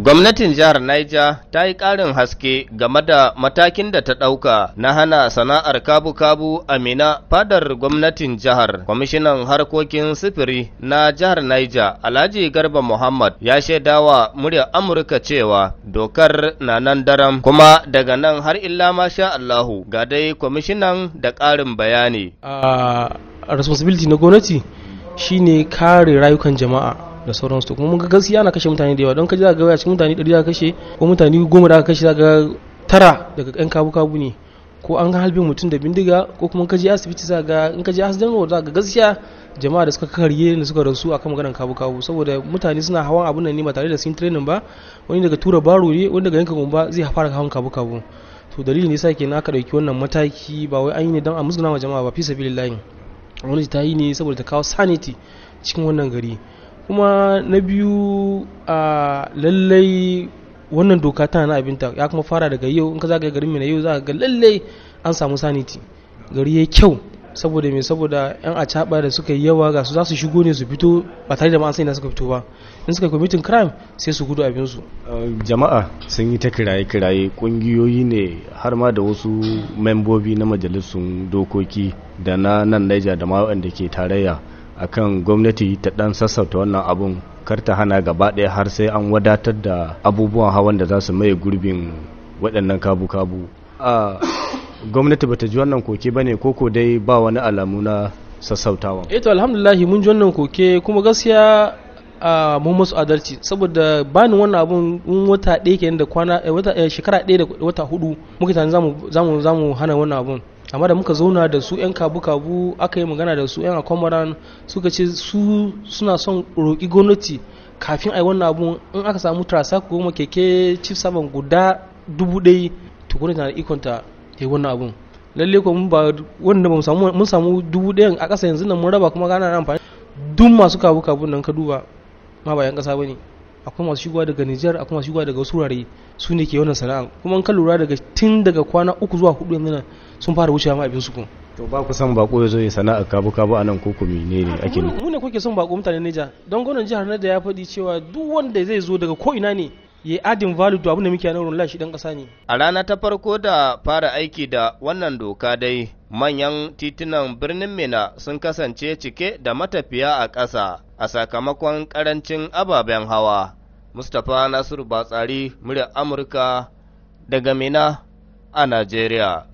Gwamnatin jihar Niger ta yi ƙarin haske game da matakin da ta ɗauka na hana sana'ar kabu-kabu a Mina fadar gwamnatin jihar. Kwamishinan harkokin sifiri na jihar Niger Alhaji Garba Muhammad ya shaidawa muryar Amurka cewa dokar na nan daram kuma daga nan har illa ma sha Allahu ga dai kwamishinan da ƙarin bayani. Uh, responsibility na gwamnati shine kare rayukan jama'a. da sauransu kuma mun ga gaskiya ana kashe mutane da yawa don kaji za ga cikin mutane 100 za kashe ko mutane 10 za kashe za ga tara daga yan kabu kabu ne ko an halbe mutum da bindiga ko kuma kaji asibiti za ga in kaji asibitin ward za ga gaskiya jama'a da suka karye da suka rasu a kan maganar kabu kabu saboda mutane suna hawan abun nan ne ba tare da sun training ba wani daga tura baro ne wani daga yanka gumba zai fara hawan kabu kabu to dalili ne yasa kenan aka dauki wannan mataki ba wai an yi ne don a musguna jama'a ba fi sabilillahi wani ta yi ne saboda ta kawo sanity cikin wannan gari kuma na biyu a lallai wannan doka tana na abinta ya kuma fara daga yau in ka zaga garin mai yau za ga lallai an samu saniti gari ya kyau saboda me saboda yan acaba da suka yi yawa ga su za su shigo ne su fito ba tare da ma sai na suka fito ba in suka committing crime sai su gudu abin su jama'a sun yi ta kiraye kiraye kungiyoyi ne har ma da wasu membobi na majalisun dokoki da na nan naija da ma waɗanda ke tarayya akan gwamnati ta dan sassauta wannan abun kar ta hana gaba ɗaya har sai an wadatar da abubuwan hawan da za su maye gurbin waɗannan kabu-kabu a gwamnati bata ji wannan koke ba ne koko dai ba wani alamu na sassautawa eto eh alhamdulahi mun ji wannan koke kuma gaskiya a mun masu adalci saboda bani wannan abun in wata ɗaya kenan da kwana eh, eh, shekara ɗaya da wata hudu muka tani za zamu hana wannan abun amma da muka zauna da su 'yan kabu-kabu aka yi magana da su 'yan akwamaran suka ce su suna son roƙi gwamnati kafin a yi wannan abun in aka samu tarasa ko kuma keke chief saban guda dubu ɗai tukuni na ikon ta ya yi wannan abun lalle ko mun ba wanda ba mun samu dubu ɗayan a ƙasa yanzu nan mun raba kuma gana amfani duk masu kabu kabu nan ka duba ma ba ƙasa ba ne akwai masu shigowa daga Nijar akwai masu shigowa daga wasu wurare su ne ke wannan sana'a kuma an ka lura daga tun daga kwana uku zuwa hudu yanzu sun fara wucewa ma abin su kun to ba ku san bako ya zo ya sana'a kabu kabu anan ko ku ne ne ake ne. mu ne kuke son bako mutanen Nijar don gwamnatin jihar da ya faɗi cewa duk wanda zai zo daga ko ina ne ya adin value to abin da muke nan ruwan lashi dan ƙasa ne a rana ta farko da fara aiki da wannan doka dai manyan titunan birnin Mina sun kasance cike da matafiya a ƙasa a sakamakon ƙarancin ababen hawa. Mustapha Nasiru Batsari, murya Amurka daga Mina a Najeriya.